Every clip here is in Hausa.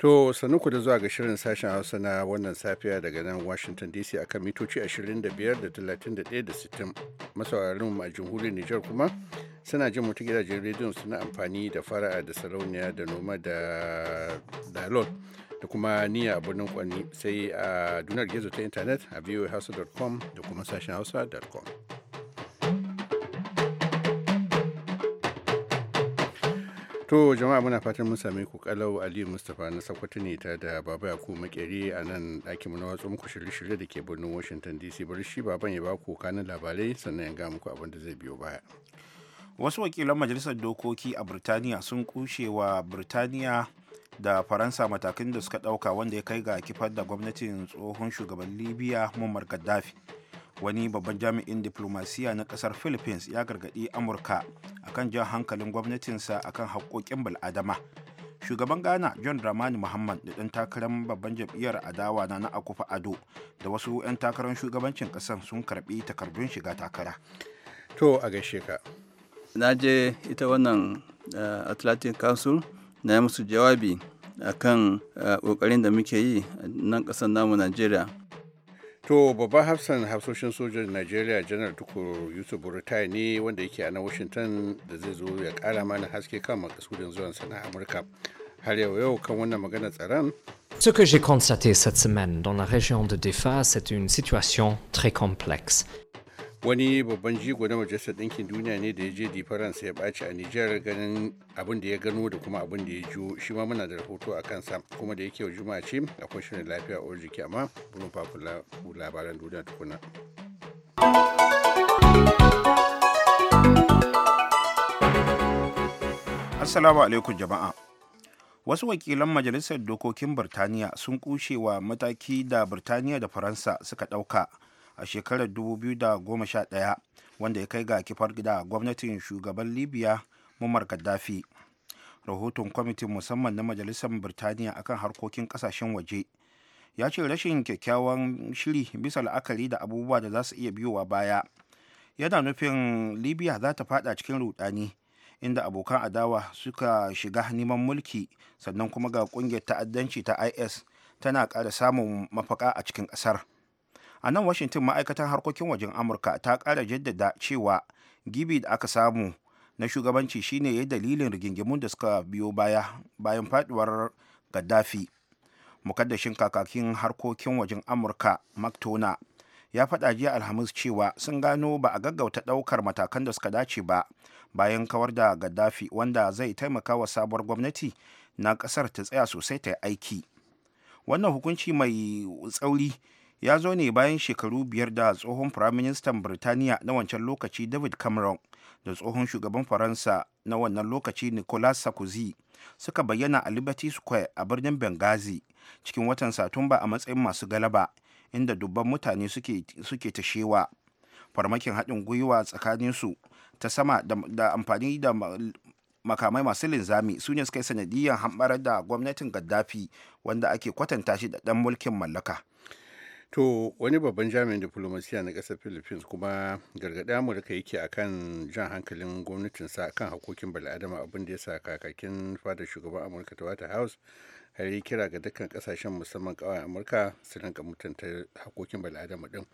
To ku da zuwa ga shirin sashen Hausa na wannan safiya daga nan Washington DC a kan mitoci 25 da 31 da 60 masauraran a jamhuriyar Nijar kuma suna jin mutu gidajen rediyon suna amfani da fara'a da sarauniya da noma da dalol da kuma niyya a birnin kwanni sai a dunar gizo ta intanet a voahausa.com da kuma sashen hausa.com. to jama'a muna fatan mun same ku kalau ali mustapha na sakwato ne ta da baba yaku makeri a nan ɗakin na watsu muku shirye-shirye da ke birnin washington dc bari shi baban ya ba ku kanin labarai sannan ya ga muku abin da zai biyo baya wasu wakilan majalisar dokoki a birtaniya sun kushe wa birtaniya da faransa matakan da suka ɗauka wanda ya kai ga kifar da gwamnatin tsohon shugaban libya muammar gaddafi wani babban jami'in diplomasiya na kasar philippines ya gargaɗi amurka akan jan hankalin gwamnatinsa akan haƙoƙin bal'adama shugaban ghana john ramani muhammad da ɗan takarar babban jam'iyyar adawa na na akufa ado da wasu 'yan takarar shugabancin ƙasar sun karɓi takardun shiga takara to a gaishe ka na je ita wannan eh, atlantic council na yi musu jawabi akan uh, eh, ƙoƙarin da muke yi nan ƙasar namu nigeria. to babban hafsan hafsoshin sojan najeriya janar tukur yusuf burtai ne wanda yake a nan washington da zai zo ya kara mana haske kan makasudin zuwan sana amurka har yau yau kan wannan magana tsaron Ce que j'ai constaté cette semaine dans la région de Defa, c'est une situation très complexe. wani babban jigo na majalisar ɗinkin duniya ne da ya je di faransa ya ɓaci a nijar ganin abin da ya gano da kuma abin da ya jiwo shi ma muna da rahoto a kansa kuma da yake juma'a ce akwai shirin lafiya a jiki amma burin labaran duniya tukuna assalamu alaikum jama'a wasu wakilan majalisar dokokin birtaniya sun kushe wa mataki da birtaniya da faransa suka ɗauka a shekarar 2011 wanda ya kai ga kifar a gwamnatin shugaban libya muammar gaddafi rahoton kwamitin musamman na majalisar birtaniya akan harkokin kasashen waje ya ce rashin kyakkyawan shiri bisa la'akari da abubuwa da za su iya biyowa baya yana nufin libya za ta fada cikin rudani inda abokan adawa suka shiga neman mulki sannan kuma ga kungiyar ta'addanci ta is tana ƙara samun mafaka a cikin ƙasar. a nan washington ma'aikatan harkokin wajen amurka ta ƙara jaddada cewa gibi da aka samu na shugabanci shine ya dalilin rigingimun da suka biyo baya bayan faduwar gaddafi mukaddashin kakakin harkokin wajen amurka mactona ya faɗa jiya alhamis cewa sun gano ba a gaggauta ɗaukar matakan da suka dace ba bayan kawar da gaddafi wanda zai taimaka wa sabuwar gwamnati na ƙasar ta tsaya sosai ta aiki wannan hukunci mai tsauri ya zo ne bayan shekaru biyar da tsohon firaministan birtaniya na wancan lokaci david cameron da tsohon shugaban faransa na wannan lokaci nicolas sarkozy suka bayyana a liberty square a birnin benghazi cikin watan satumba a matsayin masu galaba inda dubban mutane suke tashewa farmakin haɗin gwiwa tsakaninsu ta sama da amfani da makamai masu linzami su ne suka yi sanadiyar hambar da gwamnatin gaddafi wanda ake kwatanta shi da ɗan mulkin mallaka to wani babban jami'in diplomasiya na ƙasar philippines kuma gargaɗi amurka yake kan jan hankalin gwamnatinsa kan hakokin bala'adama abin da ya sa kakakin fadar shugaban amurka ta wata house har yi kira ga dukkan kasashen musamman ƙawayen amurka su rinka mutunta hakokin bala'adama din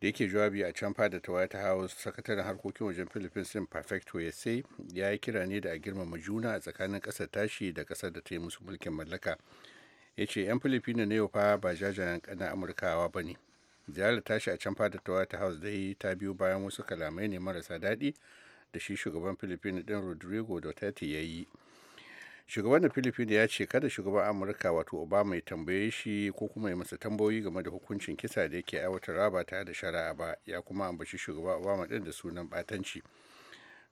da yake jawabi a can fada ta white house sakataren harkokin wajen philippines din perfecto ya sai ya yi kira ne da a girmama juna a tsakanin ƙasar tashi da ƙasar da ta yi musu mulkin mallaka ya ce 'yan filipino ne fa ba jajayen kanan amurkawa ba ne ziyarar tashi a can fadar ta white house dai ta biyu bayan wasu kalamai ne marasa daɗi da shi shugaban filipino din rodrigo duterte ya yi shugaban da filipino ya ce kada shugaban amurka wato obama ya tambaye shi ko kuma ya masa tambayoyi game da hukuncin kisa da yake aiwatarwa ba tare da shari'a ba ya kuma ambaci shugaban obama din da sunan batanci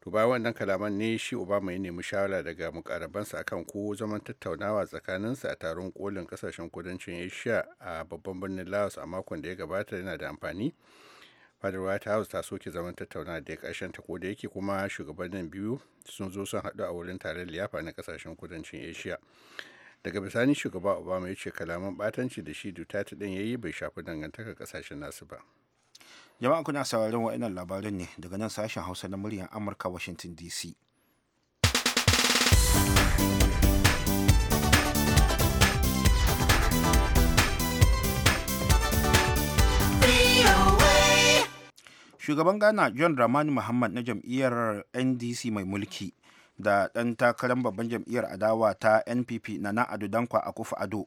to bayan wannan kalaman ne shi obama ya nemi shawara daga mukarabansa akan ko zaman tattaunawa tsakaninsa a taron kolin kasashen kudancin asia a babban birnin laos a makon da ya gabata yana da amfani fadar white house ta soke zaman tattaunawa da ya ƙarshen ta da yake kuma shugabannin biyu sun zo sun haɗu a wurin taron liyafa na kasashen kudancin asia daga bisani shugaba obama ya ce kalaman batanci da shi ta ɗin ya yi bai shafi dangantakar kasashen nasu ba jama'a kuna sauraron wa'annan labarin ne daga nan sashen hausa na muryar amurka washington dc shugaban ghana john dramani muhammad na jam'iyyar ndc mai mulki da ɗan takarar babban jam'iyyar adawa ta npp na na adudankwa dankwa a kufa ado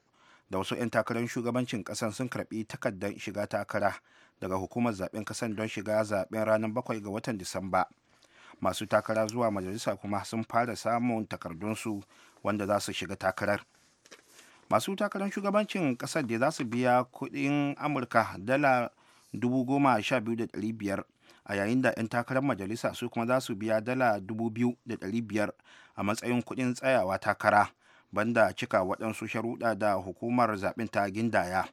da wasu 'yan takarar shugabancin ƙasar sun karɓi takardar shiga takara daga hukumar zaben kasan don shiga zaben ranar bakwai ga watan disamba masu takara zuwa majalisa kuma sun fara samun takardunsu wanda za su shiga takarar masu takarar shugabancin kasar da za su biya kuɗin amurka dala 12,500 a yayin da 'yan takarar majalisa su kuma za su biya dala 2,500 a matsayin kuɗin tsayawa takara banda cika waɗansu sharuɗa da hukumar zaɓen ta gindaya.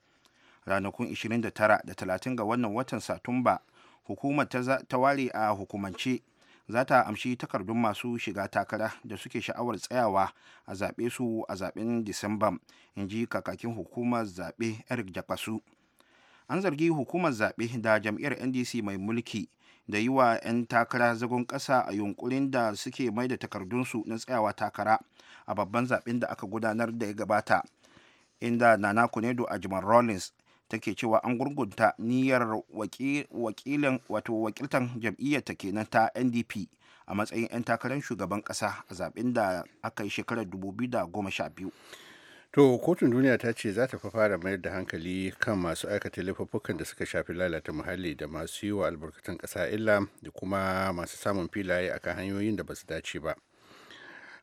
ranakun 29 da 30 ga wannan watan satumba hukumar ta ware a hukumance za ta amshi takardun masu shiga takara da suke sha'awar tsayawa a zaɓe su a zaɓen disamba in ji kakakin hukumar zaɓe eric jakasu an zargi hukumar zaɓe da jam'iyyar ndc mai mulki da yi wa 'yan takara zagon ƙasa a yunkurin da suke mai da takardunsu na tsayawa takara a babban zaɓen da aka gudanar da ya gabata inda nana kunedo a jimar rawlins take cewa an gurgunta niyyar wakilin wato wakiltan jam'iyyar ta kenan ta ndp a matsayin 'yan takarar shugaban kasa a zaɓen da aka yi shekarar 2012 to kotun duniya ta ce za ta fa fara mayar da hankali kan masu aikata laifuffukan da suka shafi lalata muhalli da masu yi wa albarkatun kasa illa da kuma masu samun filaye akan hanyoyin da ba su dace ba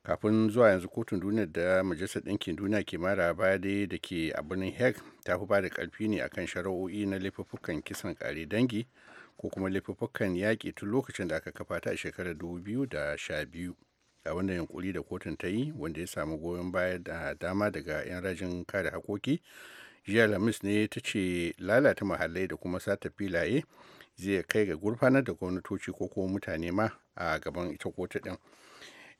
kafin zuwa yanzu kotun duniyar da majalisar ɗinkin duniya ke mara baya dai da ke a birnin hague ta fi ba da ƙarfi ne akan shari'o'i na laifuffukan kisan kare dangi ko kuma laifuffukan yaƙi tun lokacin da aka kafa ta a shekarar 2012 a wannan yunkuri da kotun ta yi wanda ya samu goyon baya da dama daga 'yan rajin kare hakoki jiya lamis ne ta ce lalata mahallai da kuma sata filaye zai kai ga gurfanar da gwamnatoci ko kuma mutane ma a gaban ita kotu ɗin.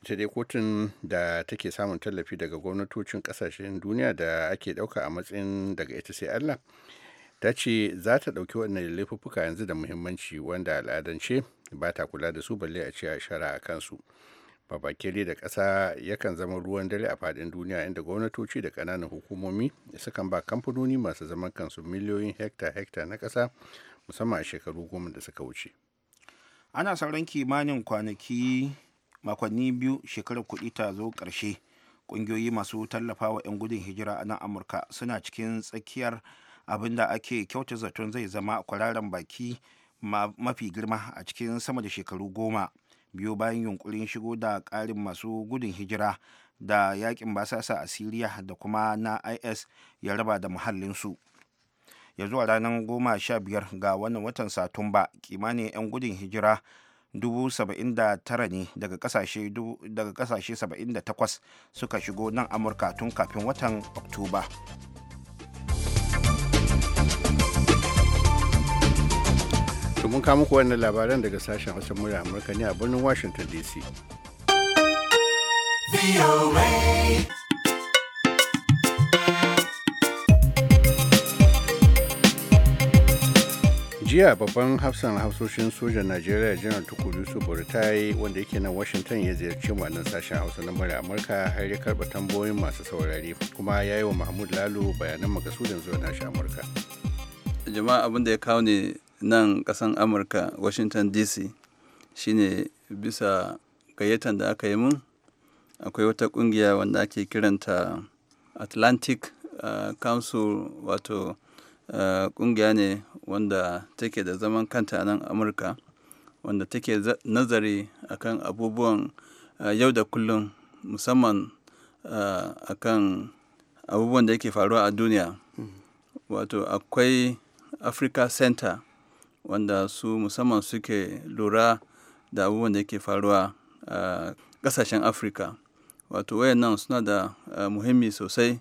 ita dai kotun da take samun tallafi daga gwamnatocin kasashen duniya da ake ɗauka a matsayin daga ita sai allah ta ce za ta ɗauki wannan laifuffuka yanzu da muhimmanci wanda al'adance ba ta kula da su balle a ce a shara a kansu babakere da ƙasa yakan zama ruwan dare a fadin duniya inda gwamnatoci da kananan hukumomi sukan ba kamfanoni masu zaman kansu miliyoyin hekta-hekta na ƙasa musamman a shekaru goma da suka wuce ana sauran kimanin kwanaki makonni biyu shekarar kuɗi ta zo ƙarshe ƙungiyoyi masu tallafa wa 'yan gudun hijira a nan amurka suna cikin tsakiyar abin da ake kyauta zaton zai zama kwararren baki mafi girma a cikin sama da shekaru goma biyu bayan yunkurin shigo da ƙarin masu gudun hijira da yakin basasa a siriya da kuma na is ya raba da muhallinsu ya zuwa ranar goma sha biyar ga wannan watan satumba kimanin 'yan gudun hijira 79 ne daga kasashe 78 suka shigo nan amurka tun kafin watan oktoba mun kama muku wannan labaran daga sashen wasu murya amurka ne a birnin washington dc jiya babban hafsan hafsoshin sojan najeriya janar tukuru su ta wanda yake nan washington ya ziyarci wannan sashen hausa na murya amurka har ya karba tambayoyin masu saurari kuma ya yi wa mahmud lalo bayanan makasudin zuwa nashi amurka jama'a abin da ya kawo ne nan kasan amurka washington dc shine bisa gayyatan da aka yi mun akwai wata kungiya wanda ake kiranta atlantic uh, council wato Eh, ƙungiya ne wanda take da zaman kanta nan amurka wanda take nazari akan abubuwan eh, yau da kullum musamman eh, akan abubuwan da yake faruwa a duniya mm-hmm. wato akwai africa center wanda su musamman suke lura da abubuwan da yake faruwa a kasashen afirka wato wayannan suna da muhimmi sosai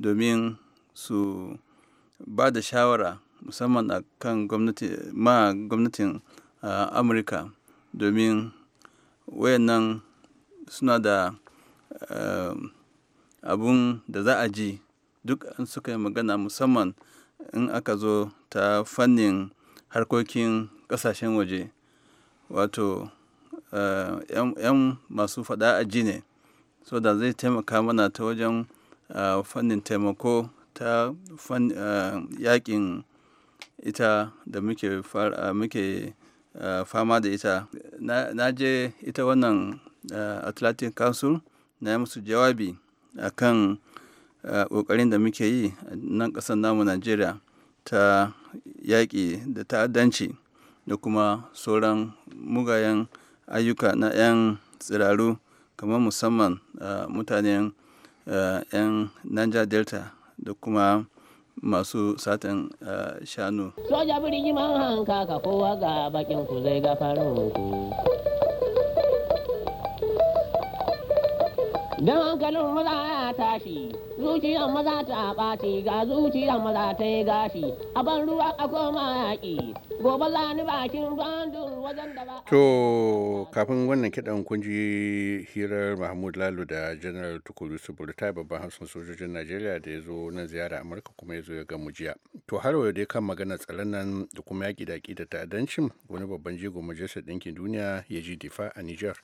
domin su ba da shawara musamman a kan gwamnati ma gwamnatin amurka domin wayannan suna da abun da za a ji duk an suka yi magana musamman in aka zo ta fannin harkokin kasashen waje wato yan masu fada a ji ne so da zai taimaka mana ta wajen fannin taimako ta fan eh, yakin ita da muke eh, muke eh, fama da ita na je ita wannan atlantic council na yi musu jawabi a kan ƙoƙarin da muke yi nan ƙasar namu nigeria ta yaƙi da ta'addanci da kuma sauran mugayen ayyuka na 'yan tsiraru kamar musamman mutanen 'yan niger delta da kuma masu satan ah, shanu. Soja birni man hanka ka kowa ga bakin ku zai gafarin ku. Don hankalin maza ya tashi, zuciyar maza ta ɓaci ga zuciyar maza ta yi gashi, a ban ruwa a koma yaƙi, gobe ni bakin bandun wajen da ba. To, kafin wannan kiɗan kun ji hirar Mahmud Lalo da General Tukuru Suburta babban hausan sojojin Najeriya da ya zo na ziyara Amurka kuma ya zo ya gamu jiya. To, har yau dai kan magana tsaron nan da kuma yaƙi da ƙi da ta'addancin wani babban jigo majalisar ɗinkin duniya ya ji difa a Nijar.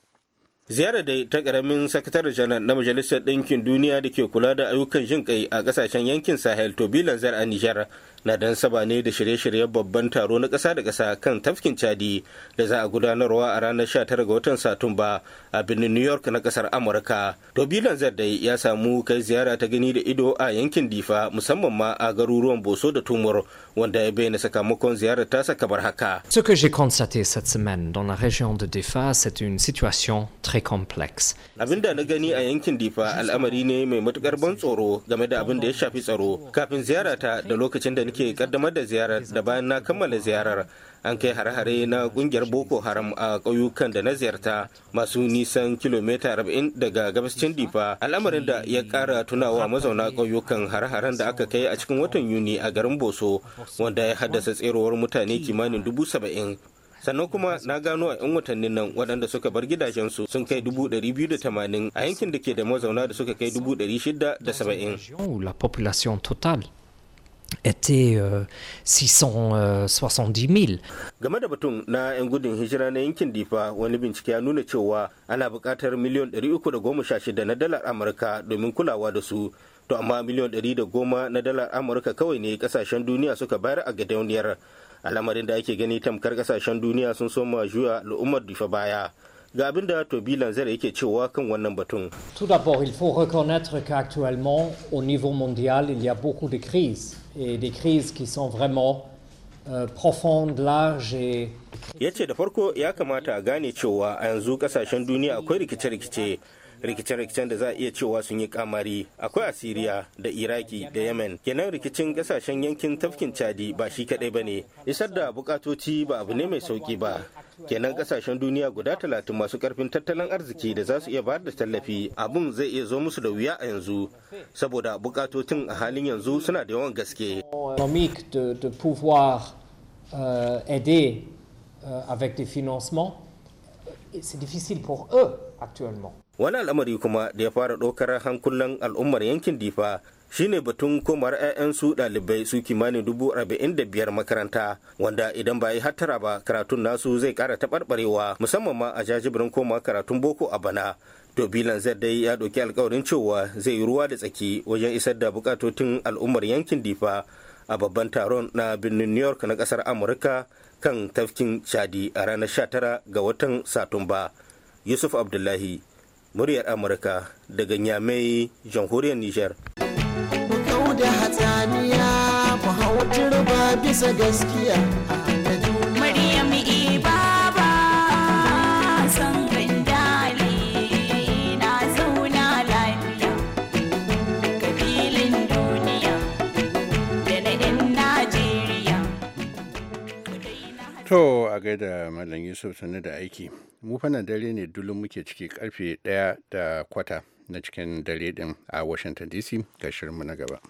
ziyarar da ta karamin sakataren janar na majalisar ɗinkin duniya da ke kula da ayyukan jin kai a ƙasashen yankin sahel to bilan zar a nijar na dan saba ne da shirye-shiryen babban taro na ƙasa da ƙasa kan tafkin chadi da za a gudanarwa a ranar 19 ga watan satumba a birnin new york na ƙasar amurka dobilan zardai ya samu kai ziyara ta gani da ido a yankin difa musamman ma a garuruwan boso da tumur wanda ya bayyana sakamakon ziyarar tasa kamar haka ce que j'ai constaté cette semaine dans la région de difa c'est une situation très complexe da na gani a yankin difa al'amari ne mai matukar ban tsoro game da abin da ya shafi tsaro kafin ziyarata da lokacin da nake ke kaddamar da ziyarar da bayan na kammala ziyarar an kai hare-hare na kungiyar boko haram a ƙauyukan da na ziyarta masu nisan kilomita 40 daga gabashin difa al'amarin da ya kara tunawa mazauna ƙauyukan hare-haren da aka kai a cikin watan yuni a garin boso wanda ya haddasa tserowar mutane kimanin dubu saba'in sannan kuma na gano a 'yan watannin nan waɗanda suka bar gidajensu sun kai ɗari biyu da tamanin a yankin da ke da mazauna da suka kai dubu da 670 était euh, 670 000. Euh, Game da batun na 'yan gudun hijira na yankin Difa wani bincike ya nuna cewa ana buƙatar miliyon 316 na dalar Amurka domin kulawa da su. To amma miliyon 110 na dalar Amurka kawai ne kasashen duniya suka bayar a gadauniyar. Al'amarin da ake gani tamkar kasashen duniya sun soma juya al'ummar Difa baya. ga abin da tobi lanzar yake cewa kan wannan batun. Tout d'abord, il faut reconnaître qu'actuellement, au niveau mondial, il y a beaucoup de crises. et des crises qui sont vraiment euh, profondes, da farko ya kamata a gane cewa a yanzu kasashen duniya akwai rikice-rikice rikice-rikicen da za a iya cewa sun yi kamari akwai a siriya da iraki da yemen kenan rikicin kasashen yankin tafkin chadi ba shi kadai ba ne isar da bukatoci ba abu ne mai sauki ba kenan kasashen duniya guda talatin masu karfin tattalin arziki da za su iya bayar da tallafi abun zai iya zo musu da wuya a yanzu saboda bukatocin a halin yanzu suna da yawan gaske euh, euh, avec des financements, c'est difficile pour eux actuellement. wani al'amari kuma da ya fara ɗaukar hankulan al'ummar yankin difa shine batun komar 'ya'yansu ɗalibai su kimanin dubu arba'in da biyar makaranta wanda idan ba yi hattara ba karatun nasu zai kara taɓarɓarewa musamman ma a jajibirin koma karatun boko a bana to bilan dai ya ɗauki alkawarin cewa zai yi ruwa da tsaki wajen isar da bukatotin al'ummar yankin difa a babban taron na birnin new york na ƙasar amurka kan tafkin chadi a ranar sha tara ga watan satumba yusuf abdullahi muryar amurka daga nyamai jamhuriyar nijar da hatsaniya ku hau bisa gaskiya To a gaida Malam Yusuf sannu da aiki. Mu fannin dare ne dulun muke ciki karfe ɗaya da kwata na cikin dare din a Washington DC ga shirinmu na gaba.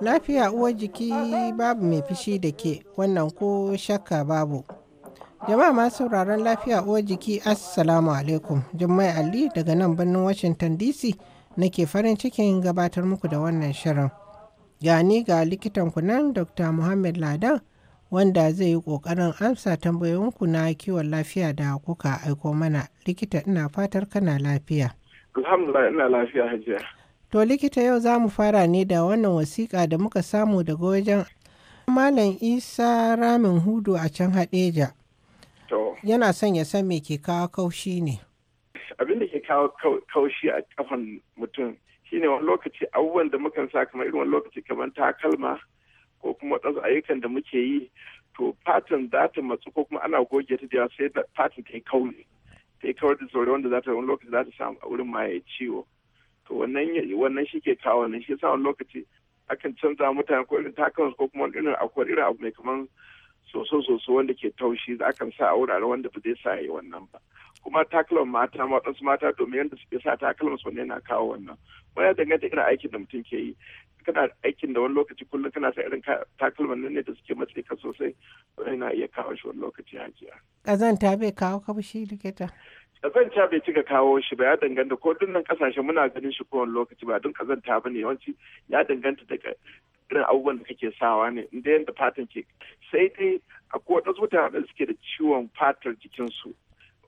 Lafiya uwar jiki babu mai fishi da ke wannan ko shakka babu. Jama'a masu sauraron lafiya uwa jiki Assalamu alaikum. Jummai Ali daga nan birnin Washington DC nake farin cikin gabatar muku da wannan shirin. Gani ga likitan nan Dr. Muhammad Ladan wanda zai yi ƙoƙarin amsa tambayoyinku na kiwon lafiya da kuka aiko mana. Likita ina fatar kana lafiya. Alhamdulillah ina lafiya hajiya. To likita yau za mu fara ne da wannan wasiƙa da muka samu daga wajen Malam Isa Ramin Hudu a can Hadeja. Yana son ya san me ke kawo kaushi ne. Abin da ke kawo kaushi a kafan mutum shine wani lokaci abubuwan da mukan sa kamar irin wani lokaci kamar takalma ko kuma waɗansu ayyukan da muke yi to fatan za ta matsu ko kuma ana goge ta da sai fatan ta yi kauri ta yi kawar da tsoro wanda za ta wani lokaci za ta samu a wurin ma ya ciwo to wannan shi ke kawo wannan shi sa wani lokaci akan canza mutane ko irin takalma ko kuma irin akwai irin abu mai kamar soso-soso wanda ke taushi za a sa a wuraren wanda ba zai sa yi wannan ba kuma takalman mata waɗansu mata domin yadda suke sa takalman su yana kawo wannan ya danganta irin aikin da mutum ke yi kana aikin da wani lokaci kullum kana sa irin takalman nan ne da suke matsi ka sosai yana iya kawo shi wani lokaci hajiya. ta bai kawo kamshi likita. kazanta bai cika kawo shi ba ya danganta ko dunnan kasashe muna ganin shi kowane lokaci ba don kazanta ba ne yawanci ya danganta daga irin abubuwan da kake sawa ne inda yadda fatan ke sai dai a wadansu mutane da suke da ciwon fatar jikinsu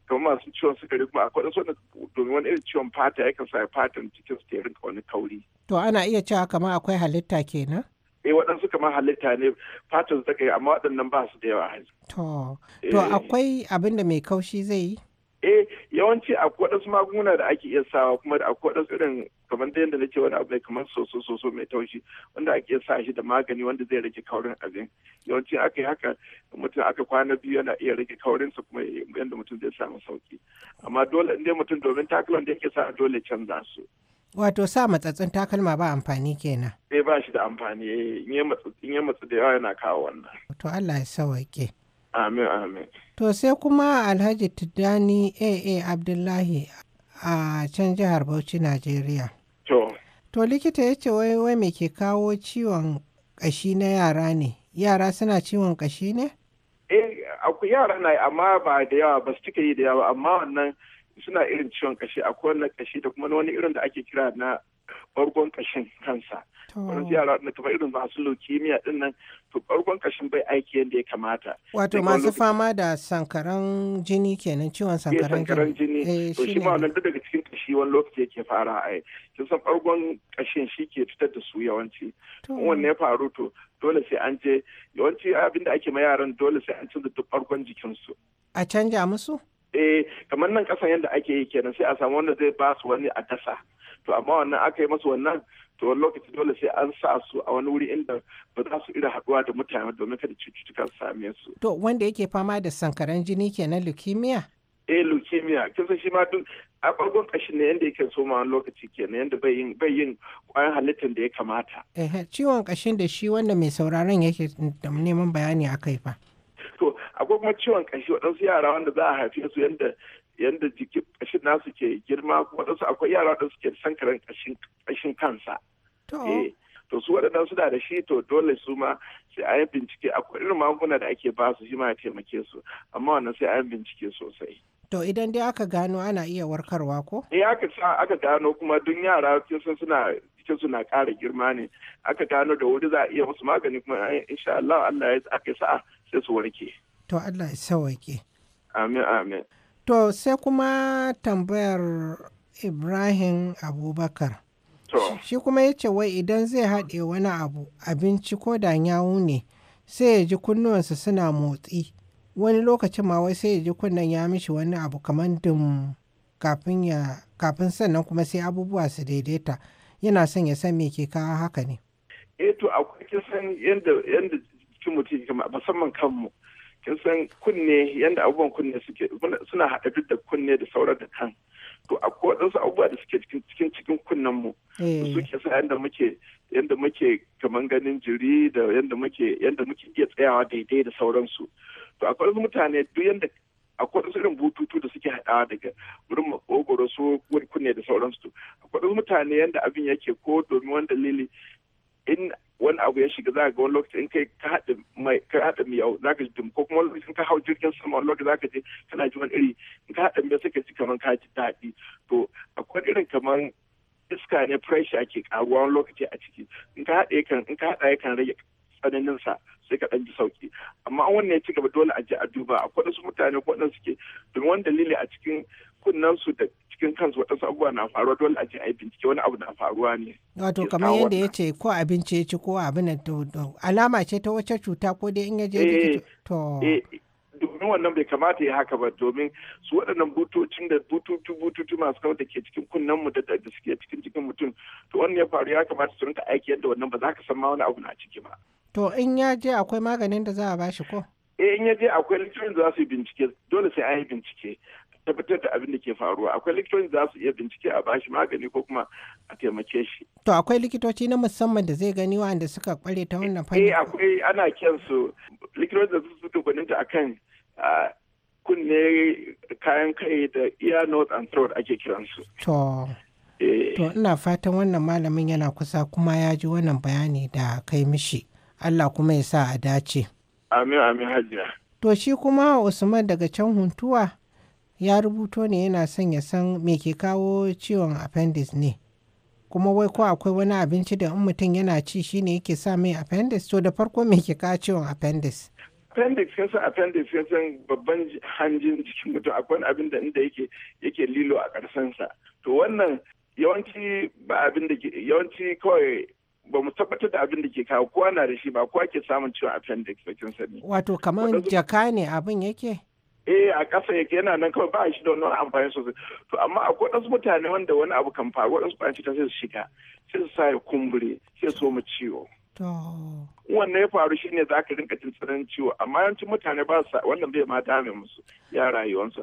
kuma masu ciwon sukari kuma akwai wadansu wata domin wani irin ciwon fata ya kan sa fatan jikinsu ta rinka wani kauri. to ana iya cewa kamar akwai halitta kenan. eh waɗansu kamar halitta ne fatan su ta kai amma waɗannan ba su da yawa. to to eh. akwai abin da mai kaushi zai yi. eh yawanci akwai wasu magunguna da ake iya sawa kuma da akwai wasu irin kamar da yadda nace wani abu kamar soso soso mai taushi wanda ake iya sa shi da magani wanda zai rage kaurin abin yawanci aka yi haka mutum aka kwana biyu yana iya rage kaurin su kuma yadda mutum zai samu sauki amma dole in dai mutum domin takalman da yake sa dole canza su Wato sa matsatsin takalma ba amfani kenan. Eh ba shi da amfani eh, in ya matsu da yawa yana kawo wannan. To Allah ya ke. Amin amin. To sai kuma Alhaji Tijjani AA Abdullahi a can jihar Bauchi Najeriya. To. To likita ya ce wai me ke kawo ciwon kashi na yara ne? Yara suna ciwon kashi ne? Eh akwai yara na amma ba da yawa ba su cika yi da yawa amma wannan suna irin ciwon kashi akwai wannan kashi da kuma wani irin da ake kira na bargon kashin kansa. Wani yara na kamar irin masu lokimiya din nan to bargon kashin bai aiki yadda ya kamata wato masu fama da sankaran jini kenan ciwon eh, sankaran jini eh, to shi ma duk daga cikin kashi wani lokaci yake fara ai kin san bargon kashin shi ke fitar da su yawanci wannan ya faru to dole sai an je yawanci abinda ake ma yaran dole sai an canza duk bargon jikinsu a canja musu eh kamar nan kasan yadda ake yi kenan sai a samu wanda zai ba su wani a dasa to amma wannan aka yi masu wannan to wani lokaci dole sai an sa su a wani wuri inda ba za su ira haɗuwa da mutane domin kada cututtuka same su. To wanda yake fama da sankaran jini kenan leukemia? Eh leukemia kin san shi ma duk a ɓargon ƙashin ne yadda yake so ma wani lokaci kenan yadda bai yin bai yin ƙwayan halittar da ya kamata. Eh ciwon ƙashin da shi wanda mai sauraron yake da neman bayani a kai fa. To akwai kuma ciwon ƙashi waɗansu yara wanda za a haife su yadda yadda jikin kashin nasu ke girma kuma waɗansu akwai yara da suke sankaran kashin kansa to eh, su waɗanda suna da shi to dole su ma sai a yi bincike akwai irin magunguna da ake ba su shi ma taimake su amma wannan sai a yi bincike sosai to idan dai aka gano ana iya warkarwa ko eh aka aka gano kuma duk yara sun suna cikin suna na ƙara girma ne aka gano da wuri za a iya musu magani kuma eh, insha Allah Allah ya sa'a sai su warke to Allah ya sauke amin amin To sai kuma tambayar Ibrahim Abubakar. Shi kuma ya ce wai idan zai haɗe wani abu abinci ko da yawu ne sai ya ji kunnuwansa suna motsi. Wani lokacin ma wai sai ya ji kunnen ya mishi wani abu kamar dum kafin sannan kuma sai abubuwa su daidaita yana son ya san me ke kawo haka ne. Eh to akwai kisan yadda jikin mutum musamman kanmu. kin san kunne yanda abubuwan kunne suke suna haɗa duk da kunne da saurar da kan to akwai waɗansu abubuwa da suke cikin cikin kunnen mu eh. suke sa yanda muke yanda muke kaman ganin jiri da yanda muke yanda muke iya tsayawa daidai da sauransu to akwai wasu mutane duk yanda akwai wasu irin bututu da suke haɗawa daga wurin makogoro su wani kunne da sauransu akwai wasu mutane yanda abin yake ko domin wani dalili in wani abu ya shiga za ga wani lokaci in kai ka haɗa mai ka haɗa miyau za ka ji dum ko kuma lokacin ka hau jirgin sama wani lokaci za ka je kana ji wani iri in ka haɗa miyau sai ka ji kamar ka ji daɗi to akwai irin kamar iska ne pressure ke karuwa wani lokaci a ciki in ka haɗa yakan in ka haɗa yakan rage tsananin sa sai ka ɗan ji sauki amma an wannan ya ci gaba dole a je a duba akwai wasu mutane ko waɗanda suke domin wani dalili a cikin kunnensu. su da cikin kansu waɗansu abubuwa na faruwa dole a ce a yi bincike wani abu na faruwa ne. Wato kamar yadda ya ce ko abinci ya ci ko abin da alama ce ta wace cuta ko dai in ya je eh, to. Eh, domin wannan bai kamata ya haka ba domin su waɗannan butocin da bututu bututu masu kawai da ke cikin kunnen mu da suke cikin cikin mutum to wannan ya faru ya kamata su rinka aiki yadda wannan ba za ka san ma wani abu na ciki ba. To in ya je akwai maganin da za a bashi ko? eh in ya je akwai likitocin da za su yi bincike dole sai an yi bincike tabbatar da abin da ke faruwa akwai likitoci za su iya bincike a bashi magani ko kuma a taimake shi to akwai likitoci na musamman da zai gani wanda suka kware ta wannan fanni eh akwai ana kiran su likitoci da su suka a kan kunne kayan kai da iya north and throat ake kiransu to eh. To ina fatan wannan malamin yana kusa kuma ya ji wannan bayani da kai mishi. Allah kuma ya sa a dace. Amin amin hajiya. To shi kuma Usman daga can huntuwa ya rubuto ne yana son ya san me ke kawo ciwon appendix ne kuma wai ko akwai wani abinci da in mutum yana ci shine yake sa mai appendix to da farko me ke kawo ciwon appendix appendix ya san appendix ya san babban hanjin jikin mutum akwai abin da inda yake yake lilo a sa to wannan yawanci ba abin da yawanci kawai ba mu tabbatar da abin da ke kawo kowa na da shi ba kowa ke samun ciwon appendix ba kin sani wato kaman jaka ne abin yake eh a ƙasa yake yana nan kawai ba shi da wani amfani sosai to amma akwai wasu mutane wanda wani abu kan faru wasu shi ta sai su shiga sai su sa ya kumbure sai su mu ciwo wannan ya faru shine za ka rinka jin tsananin ciwo amma yawancin mutane ba sa wannan bai ma dame musu ya rayuwarsu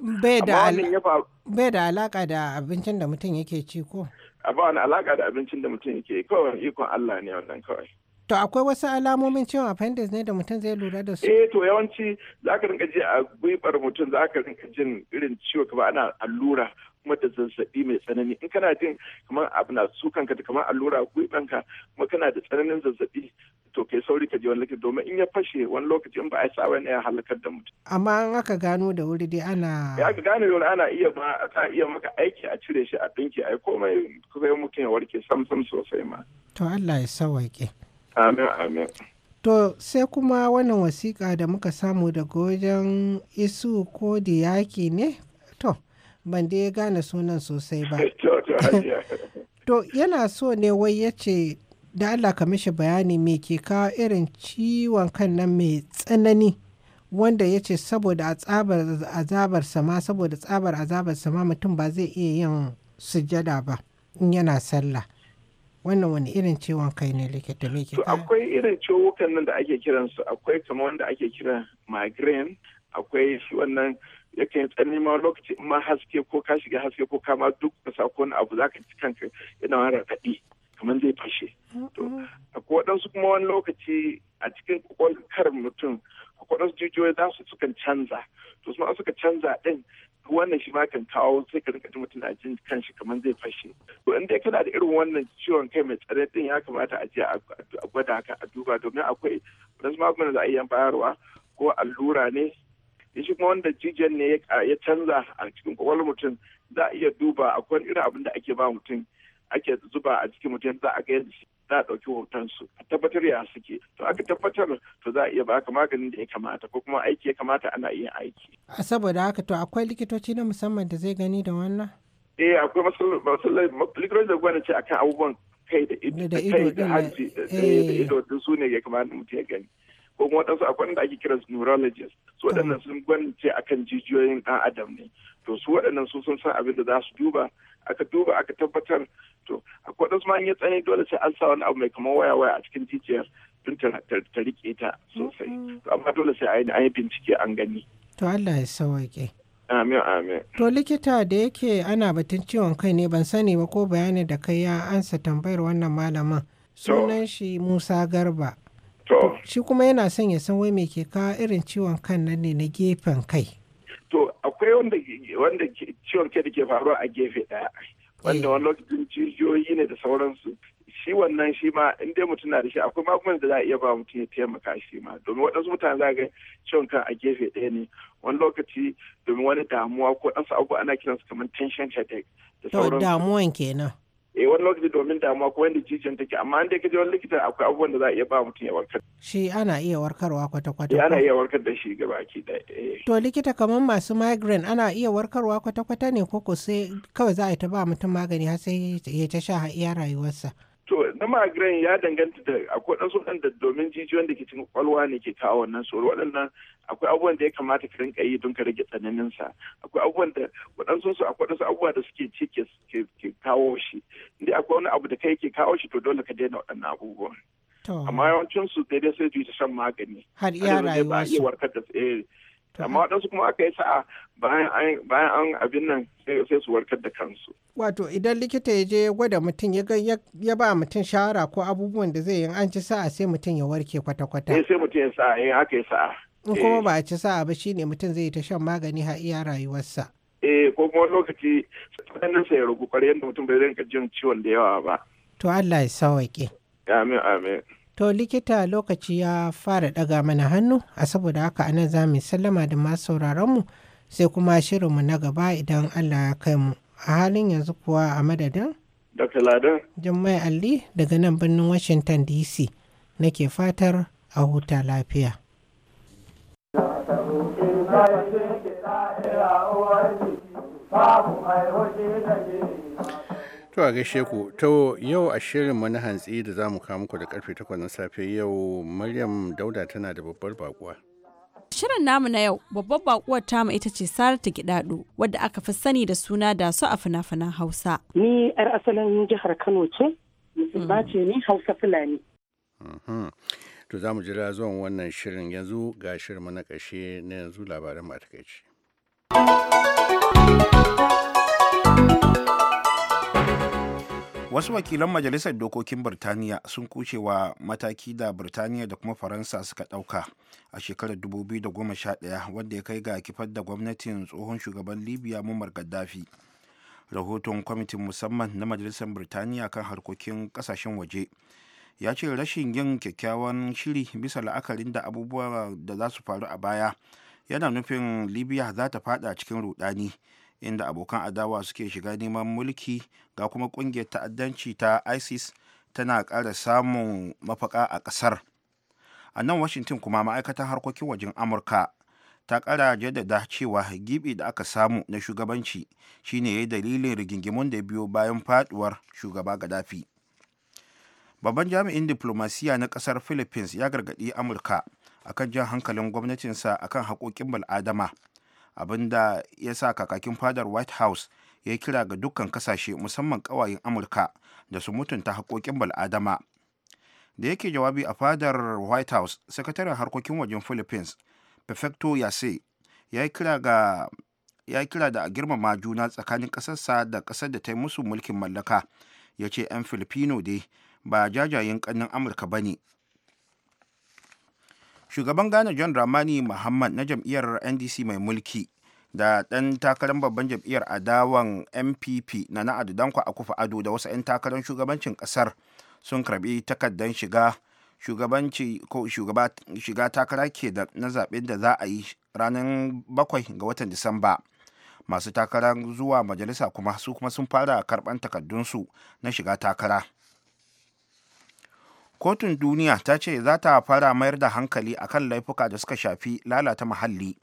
bai da alaka da abincin da mutum yake ci ko a ba wani alaka da abincin da mutum yake kawai ikon Allah ne wannan kawai To akwai wasu alamomin ciwon appendix ne da mutum zai lura da su? Eh to yawanci za ka rinka ji a gwiɓar mutum za ka rinka jin irin ciwo kamar ana allura kuma da zazzabi mai tsanani in kana jin kamar abu na kanka ka kamar allura gwiɓanka kuma kana da tsananin zazzabi to kai sauri ka je wani likita domin in ya fashe wani lokaci in ba a sa wani ya halakar da mutum. Amma an aka gano da wuri dai ana. Ya aka gano da wuri ana iya ma ana iya maka aiki a cire shi a dinki a komai kuma mutum ya warke sam sam sosai ma. To Allah ya sawaike. Amin, amin. To sai kuma wannan wasiƙa da muka samu daga wajen isu ko da yaƙi ne? To, ban dai gane sunan sosai ba. to, yana so ne wai ya ce da Allah ka mishi bayani mai ke kawo irin ciwon kan nan mai tsanani wanda ya ce saboda tsabar azabar sama saboda tsabar azabar sama mutum ba zai iya yin sujada ba in yana sallah. wannan wani irin ciwon kai ne likita likita to akwai irin ciwukan nan da ake kiran su akwai kamar wanda ake kira migraine akwai shi wannan yakan tsanani ma lokaci in ma haske ko ka shiga haske ko kama duk ka sako ko abu zaka ji kanka yana wani raɗaɗi kamar zai fashe to akwai waɗansu kuma wani lokaci a cikin kar mutum akwai waɗansu jijiyoyi za su sukan canza to su suka canza din. wannan shi ma kan kawo sai ka rika ji mutum na jin kanshi kamar zai fashe to in dai kana da irin wannan ciwon kai mai tsare din ya kamata a je a gwada haka a duba domin akwai wasu magunguna za a iya bayarwa ko allura ne shi kuma wanda jijiyan ne ya canza a cikin kwakwalwar mutum za a iya duba akwai irin abin da ake ba mutum ake zuba a cikin mutum za a ga yadda shi za a ɗauki hotonsu a tabbatar ya suke to aka tabbatar to za a iya baka maganin da ya kamata ko kuma aiki ya kamata ana iya aiki. saboda haka to akwai likitoci na musamman da zai gani da wannan. eh akwai likitoci da gwada ce akan abubuwan kai da ido da ido da eh, eh. su ne ya kamata mutum ya gani. ko kuma waɗansu akwai wanda ake kira neurologist su waɗannan sun ce akan jijiyoyin ɗan adam ne to su waɗannan su sun san abin da za su duba aka duba aka tabbatar to akwai wadansu ma ya tsane dole sai an sa wani abu mai kamar waya waya a cikin jijiyar don ta rike ta sosai mm-hmm. to amma dole sai an yi bincike an gani to Allah ya sauke amin amin to likita da yake ana batun ciwon kai ne ban sani ba ko bayanin da kai ya ansa tambayar wannan malamin sunan shi Musa Garba shi kuma yana son ya san wai me ke kawo irin ciwon kan nan ne na gefen kai akwai wanda wanda ciwon ke da ke faruwa a gefe ɗaya wanda eh. wani lokacin jijiyoyi ne da sauransu shi wannan shi ma in dai mutum na da shi akwai magungunan da za a iya ba mutum ya taimaka shi ma domin waɗansu mutane za ga ciwon kan a gefe ɗaya ne wani lokaci domin wani damuwa ko ɗansu abu ana kiransu kamar tension headache da sauransu. damuwan kenan. eh wani lokaci domin damuwa ko yadda jijiyan take amma an dai kaje wani likita akwai abubuwan da za a iya ba mutum ya warkar shi ana iya warkarwa kwata kwata eh, ana iya warkar da shi gaba ke da eh. to likita kamar masu migraine ana iya warkarwa kwata kwata ne ko ko sai kawai za a ta ba mutum magani har sai ya ta sha iya rayuwarsa to na migraine ya danganta da akwai ɗansu waɗanda domin jijiyoyin da ke cikin kwalwa ne ke kawo wannan tsoro waɗannan akwai abubuwan da ya kamata ka rinka yi don ka rage tsananin sa akwai abubuwan da waɗansu su akwai ɗansu abubuwa da suke ci ke kawo shi inda akwai wani abu da kai ke kawo shi to dole ka daina waɗannan abubuwan amma yawancin su daidai sai ta shan magani har iya rayuwa su eh, amma waɗansu kuma aka yi sa'a bayan an abin nan sai su warkar da kansu. Wato idan likita ya je gwada mutum ya ba mutum shawara ko abubuwan da zai yi an ci sa'a sai mutum ya warke kwata-kwata. Eh, sai mutum ya sa'a in aka yi sa'a. In kuma eh. ba a ci sa'a ba shine mutum zai yi ta shan magani ha iya rayuwarsa. Eh ko kuma lokaci tsananin sa ya ragu kwarai yadda mutum bai rinka jin ciwon da yawa ba. To Allah ya sawaƙe. Amin amin. To likita lokaci ya fara ɗaga mana hannu, a saboda haka anan za mu sallama da masu sauraronmu sai kuma shirinmu na gaba idan Allah ya kai mu. A halin yanzu kuwa a madadin? Dr. Ladan. Jummai Ali daga nan birnin Washington DC nake fatar a huta lafiya. Babu mai hoji da To a gaishe ku to yau a shirinmu na hantsi da za mu kawo muku da karfe takwas na safe yau Maryam Dauda tana da babbar bakuwa. Shirin namu na yau babbar bakuwar tamu ita ce Saratu Gidado wadda aka fi sani da suna da su a fina-finan Hausa. Ni yar asalin jihar Kano ce, ba mm. ce ni Hausa Fulani. Mhm. To za mu jira zuwan wannan shirin yanzu ga shirin na ƙarshe na yanzu labaran matakaici. wasu wakilan majalisar dokokin birtaniya sun kuce wa mataki da birtaniya da kuma faransa suka dauka a shekarar 2011 wanda ya kai ga kifar da gwamnatin tsohon shugaban libya muammar gaddafi rahoton kwamitin musamman na majalisar birtaniya kan harkokin kasashen waje ya ce rashin yin kyakkyawan shiri bisa la'akarin da abubuwa da za su faru a baya yana nufin libya za ta fada cikin rudani inda abokan adawa suke shiga neman mulki ga kuma kungiyar ta'addanci ta isis tana ƙara samun mafaka a ƙasar a nan washington kuma ma'aikatan harkokin wajen amurka ta ƙara jaddada cewa gibi da aka samu na shugabanci shine ya yi dalilin rigingimun da biyo bayan faduwar shugaba gaddafi babban jami'in diplomasiya na ƙasar philippines ya gargaɗi amurka akan jan hankalin gwamnatinsa akan haƙoƙin bal'adama da ya sa kakakin fadar white house ya kira ga dukkan kasashe musamman kawayen amurka da su mutunta haƙoƙin bal'adama da yake jawabi a fadar white house sakataren harkokin wajen philippines perfecto yase ya kira kira da a girmama juna tsakanin ƙasarsa da ƙasar da ta yi musu mulkin mallaka ya ce 'yan filipino dai ba jajayen ƙannin amurka ba ne shugaban ghana john ramani muhammad na jam'iyyar ndc mai mulki da ɗan takarar babban jam'iyyar adawan mpp na na a akufa ado da wasu 'yan takarar shugabancin ƙasar sun karbi takardar shiga shugabanci ko shiga takara ke da na zaɓen da za a yi ranar bakwai ga watan disamba masu takara zuwa majalisa kuma su kuma sun fara karɓan takardunsu na shiga takara kotun duniya ta ce za ta fara mayar da hankali akan laifuka da suka shafi lalata muhalli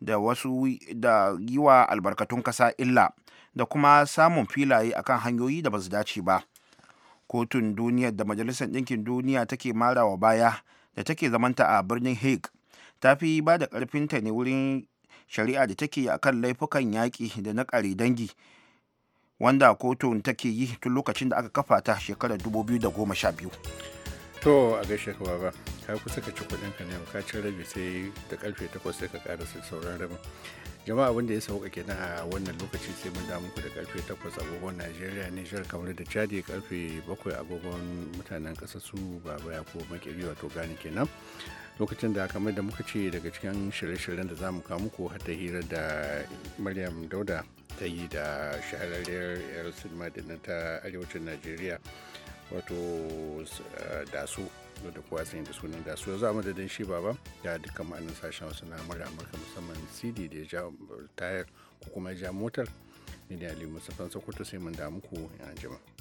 da wasu da yi wa albarkatun kasa illa da kuma samun filaye akan hanyoyi da ba su dace ba kotun duniya da majalisar ɗinkin duniya take marawa baya da take zamanta a birnin hague ta fi ba da ƙarfinta ne wurin shari'a da take yi akan laifukan yaƙi da na ƙare dangi wanda kotun take yi tun lokacin da aka kafa ta shekarar 2012 to a gaishe ka baba ka kusa ka ci kuɗin ka ne ka ci rabi sai da karfe 8 sai ka ƙara sauran rabin jama'a abin da ya sauka kenan a wannan lokaci sai mun damu ku da karfe 8 agogon Najeriya Nijar kamar da Chadi karfe 7 agogon mutanen ƙasar su baba ya ko makiri wato gani kenan lokacin da kamar da muka ce daga cikin shirye-shiryen da za mu kawo muku har hira da Maryam Dauda ta yi da shahararriyar 'yar sinima ta arewacin Najeriya wato dasu eh, da kowa sanyi da sunan dasu ya zama da shi baba da duka ma'anin sashen wasu na murya amurka musamman cd da ya ja tayar ko kuma ya ja motar ne da ali musafan sokoto sai mun damu ku yan jima.